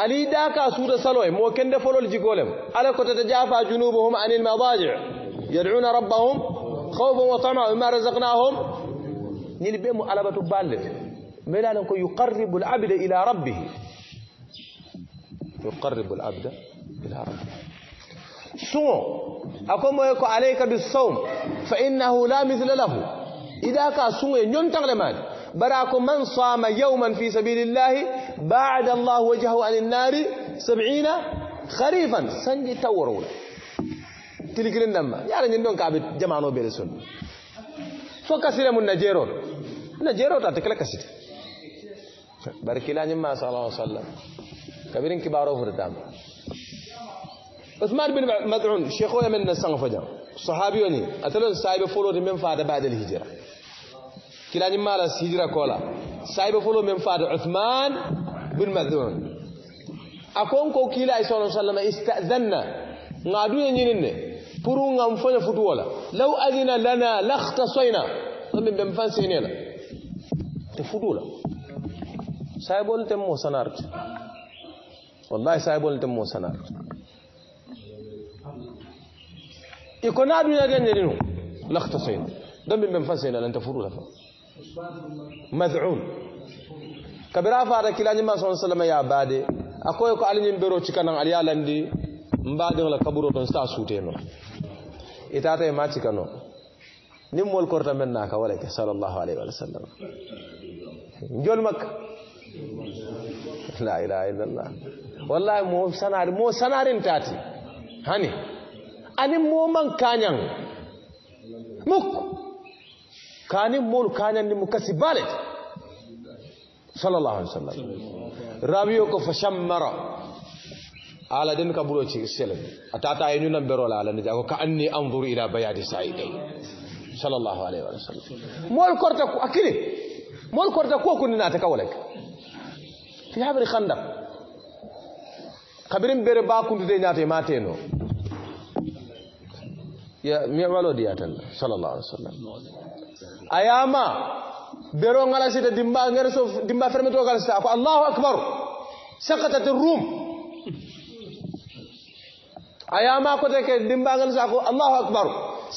ألي داك أسود صلوه موكن دفلو الجيكولم على كنت تجافى جنوبهم عن المضاجع يدعون ربهم خوفا وطمعا وما رزقناهم نلبيهم على ملا ملانا يقرب العبد إلى ربه يقرب العبد إلى ربه صوم اكون ويك عليك بالصوم فانه لا مثل له اذا كان صوم ينون تغلمان براكم من صام يوما في سبيل الله بعد الله وجهه عن النار سبعين خريفا سنجي تورون تلكلن النما يعني لن دون كاب جماعه نوبل سن فكسر من نجيرون نجيرون تاتكل كسيت بارك الله صلى الله عليه وسلم كبيرين كبار اوفر دام عثمان بن مدعون شيخو يمن سان فجا صحابي وني اتلو سايب فولو من فاد بعد الهجره كلا مال هجره كولا سايب فولو من فاد عثمان بن مدعون اكون كو كلا صلى الله عليه وسلم استاذنا نادو ينين pour ngam fanya لو أذن لنا لاختصينا lana lakhtasayna سينينا bem fansinela تمو futula والله tem تمو sanart يكون هذا من أجل لختصين دم من فسين لن تفروا لفا مذعون كبيرا فارا كلا نما صلى الله عليه وسلم يا بادي أكو يكو علي نمبرو چكنا عليا لندي مبادي ولا كبرو تنستا سوتينو إتاتا ما چكنو نمول كورتا من ناكا ولك صلى الله عليه وسلم جول مك لا إله إلا الله والله مو سنار مو سنار تاتي هاني anin moman kanyan muk kanin mol kanyan ni mukasi balet sallallahu alaihi wasallam rabiyo ko fashammara ala den ka bulo ci selam atata ay ñu nambero la ala ni ko ka anni anzuru ila bayadi sa'idai sallallahu alaihi wasallam mol korta ko akile mol korta ko ko ni nata kawlek fi habri khandaq kabirin bere ba kundu de nyaate mateno يا يا صلى الله عليه وسلم اياما بيرون على سيده ديمبا غيرسوف ديمبا فرمتو قال الله اكبر سقطت الروم اياما كوتك ديمبا غيرسوف الله اكبر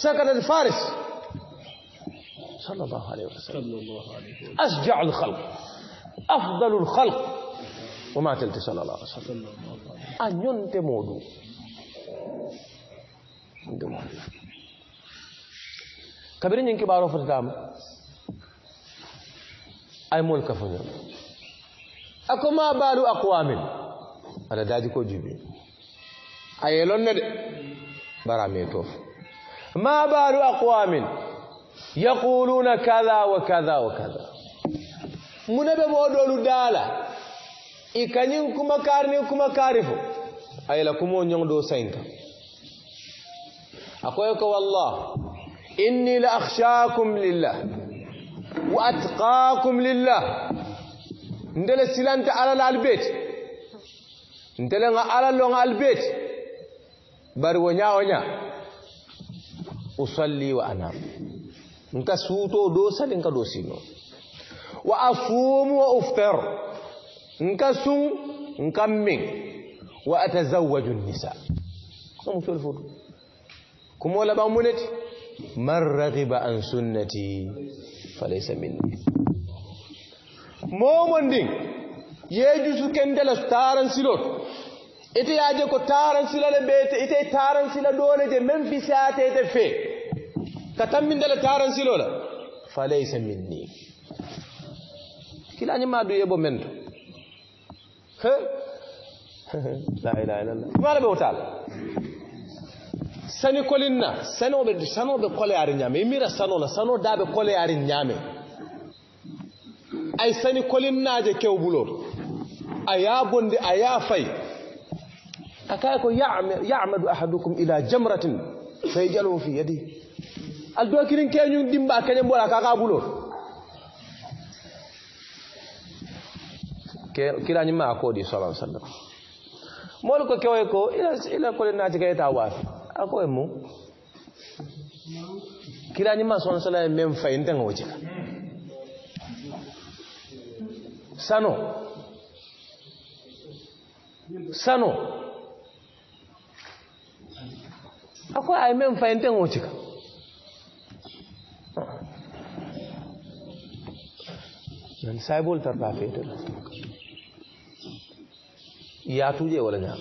سقطت فارس صلى الله عليه وسلم اشجع الخلق افضل الخلق وما تلت صلى الله عليه وسلم ان ينتمودو Thank kabiri ñiŋ kibaaroo futataama a ye moolu kafo ñoŋ a ko maa baalu aqwamin ala daaji ko jubi a ye loŋ ne de bara a mee toofu maa baalu aqwamin yaquluna kada wa kada wa kada muna be moo doolu daala i ka ñiŋ kumakaari niŋ kumakaari fo a ye la kumoo ñoŋ doo sayin kaŋ a ko ye ko wallah إني لأخشاكم لله وأتقاكم لله ندل سلانت على البيت ندل على لون البيت بار ونيا ونيا أصلي وأنا نكا سوتو دوسا نكا دوسينو وأصوم وأفطر نكا سوم نكا مين وأتزوج النساء كم في كم ولا بامونت من رغب عن سنتي فليس مني momon ɗin yeeju su kendela su taran silot ite yaje ko taran silale ɓeete ite taran sila ɗone je men fisatete fee ka tammindela taran silola falaysa minni kilañima du yeɓo men to la ilaha illallah wala ɓe wo taala sani kolin kolinna sano bɛ sano be kole ari nyame imira sano la sano da bɛ kole ari nyame ay sani kolin na je kew bulo a aya bonde aya fay akay ko ya'madu ahadukum ila jamratin sayjalu fi yadi al dokirin kenyun dimba kanyen bola ka bulo ma nyima akodi sallallahu alaihi wasallam mol ko kewe ko ila ila na je kay ta wafi ako e mu kira ni ma son sala men fayinta ngoje sano sano ako ay men fayinta ngoje nan sai boltar ba fe da ya tuje wala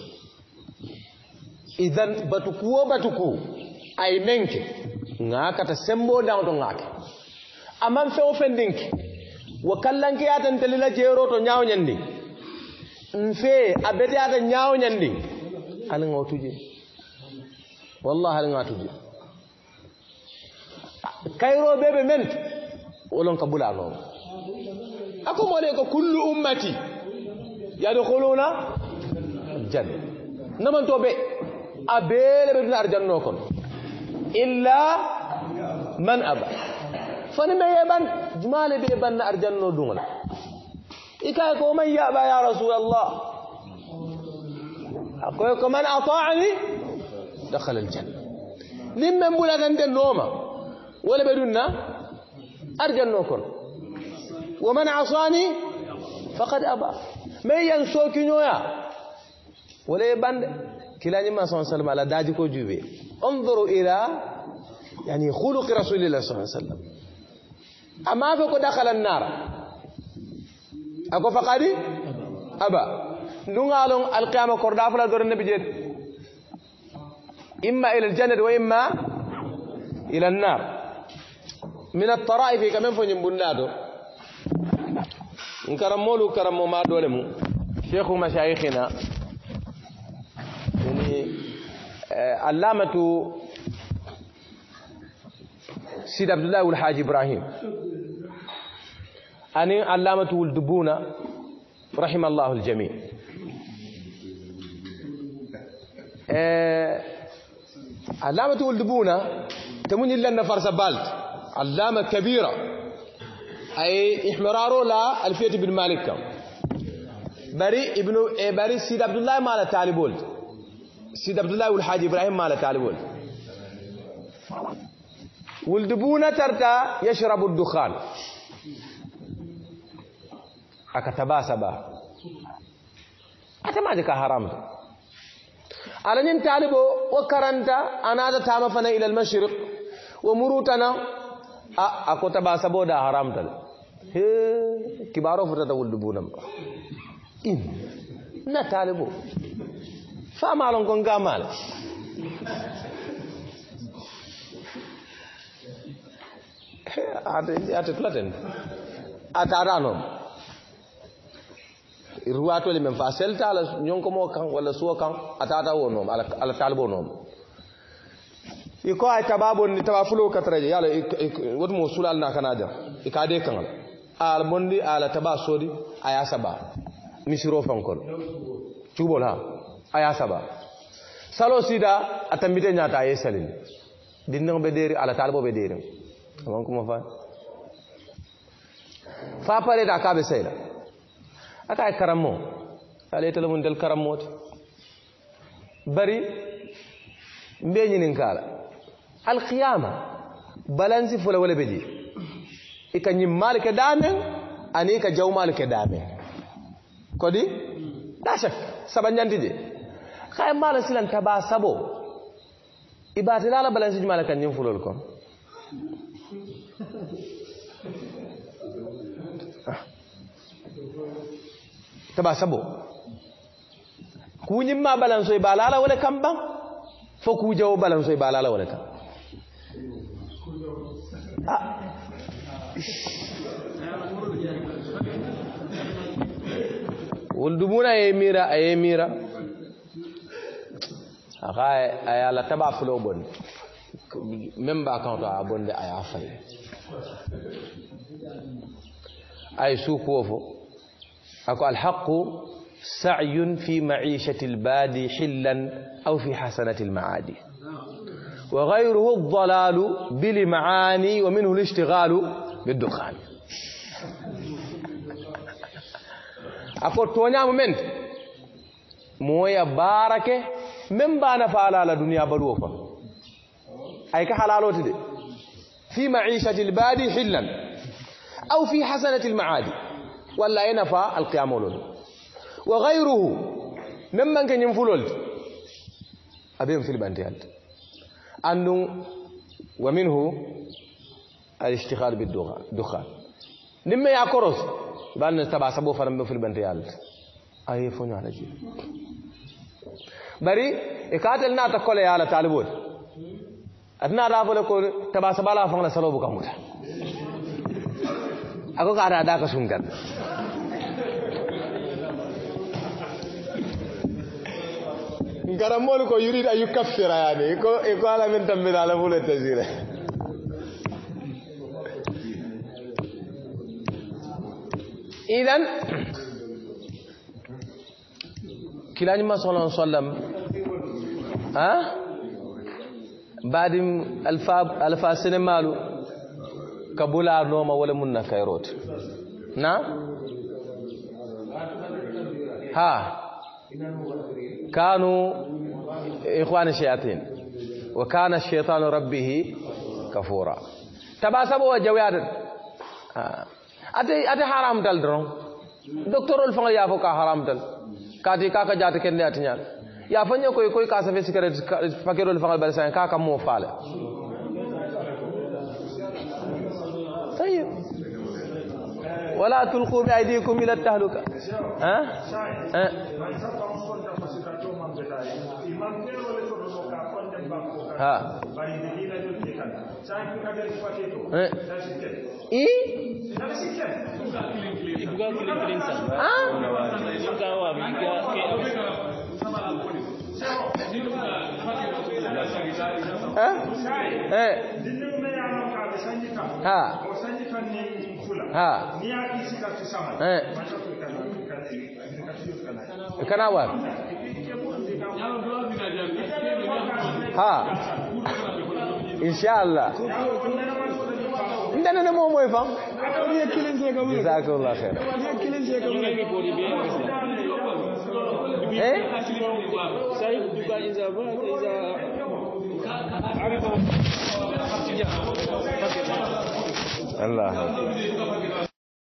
idan batuku wo batuku ay menke nga kata sembo dawto ngake aman fewo fendinki wo kallanke yatan telila jero to nyaaw nyandi nfe abete yatan nyaaw nyandi hal nga tuje wallahi hal nga tuje kayro bebe men wolon ka bula no ako mole ko kullu ummati yadkhuluna janna naman to be أبيل بدنا أرجنوكم إلا من أبى فنما يبن جمال بيبن أرجنو دون إكاكو من يأبى يا رسول الله أقولك من أطاعني دخل الجنة لما لمن بلغن النوم ولا بدنا أرجنوكم ومن عصاني فقد أبى ما ينسوك نويا ولا يبند كلاني ما صلى الله عليه وسلم على دادي كوجوبي انظروا إلى يعني خلق رسول الله صلى الله عليه وسلم أما فكو دخل النار أكو فقادي أبا نغالون القيامة كرداف فلا دور النبي جد إما إلى الجنة وإما إلى النار من الطرائف كمان فني بنادو نكرم مولو كرم ما دولمو شيخ مشايخنا العلامة سيد عبد الله والحاج إبراهيم أني علامة والدبونة رحم الله الجميع أه علامة والدبونة تمني لنا فرس بالت علامة كبيرة أي إحمراره لا ألفية بن مالك بري ابن بري سيد عبد الله مال بولت سيد عبد الله والحاج ابراهيم مالك قال يقول ولد بونا ترتا يشرب الدخان اكتبا سبا اتما ذكا حرام على نين طالبو وكرنتا انا ذا تامفنا الى المشرق ومروتنا ا اكو سبو دا حرام تل كبارو فتا ولد بونا ان famalon kon gamale ate tulaten ate atanon ruwatole men fa selta ala ñonkomo kan walla suwo kan atata wo noom ala talibo noom i ko ay tababon ni taba fulo kataraje yala wotumo sulal na kana jam i ka de kaŋal ala mondi ala taba soodi aya saba misiro fankon cubol ha aya saba salo sida a tambite ñata aye salin dinnaŋo be deeri ala taalibo be deeriŋ aman kuma fa fa pareta ka be sayla aka ye karammo ala yetele mun del karammote bari mbe ñinin kaala alqiyama balansi fula wala be jee i ka ñimmaalu ke daameŋ ani i kodi da chek saba kay mala silan taba sabo ibati la balan si jumala kan nyumfulol ko taba sabo kuñim ma balan so balala wala kam ban fo ku jaw balan so balala wala kam wol dumuna ye mira aye mira akai ayala taba flo bon member account a bon de aya fay ay suku ofo ako al haqu سعي في معيشة البادي حلا أو في حسنة المعادي وغيره الضلال بالمعاني ومنه الاشتغال بالدخان أقول تونيا مومنت موية باركة من با نفع على دنيا بلوفا أي كحلالوت دي في معيشة البادي حلا أو في حسنة المعادي ولا ينفع القيام لون وغيره ممن كان ينفلول أبيهم في البانتيال أنه ومنه الاشتغال بالدخان نما يا كروس بان سبع سبو فرم في البنت يال اي فوني على جي bari ikatel na ta kole yala talibul adna da bole ko tabasa bala fanga salo bukan muta ako ka ada ka sungkat garamol ko yurid an yukaffira yani ko ko ala min tambe ala bole tazira idan ما صلى الله عليه وسلم ها بعدم الفا الفا مالو كبولا نوما ولا من كيروت نا ها كانوا إخوان الشياطين وكان الشيطان ربه كفورا تباسبوا جويات آه. ادي ادي حرام دال درون دكتور يا فوق حرام دال kati kaka jata kende atinyal ya fanya koy koy kasa fe cigarette pakero le fangal balsan kaka mo fala طيب ولا تلقوا بايديكم الى التهلكه ها أه؟ ها ha ha kana war ha inshallah ndana ne moom mooy fam jazakallah khair eh الله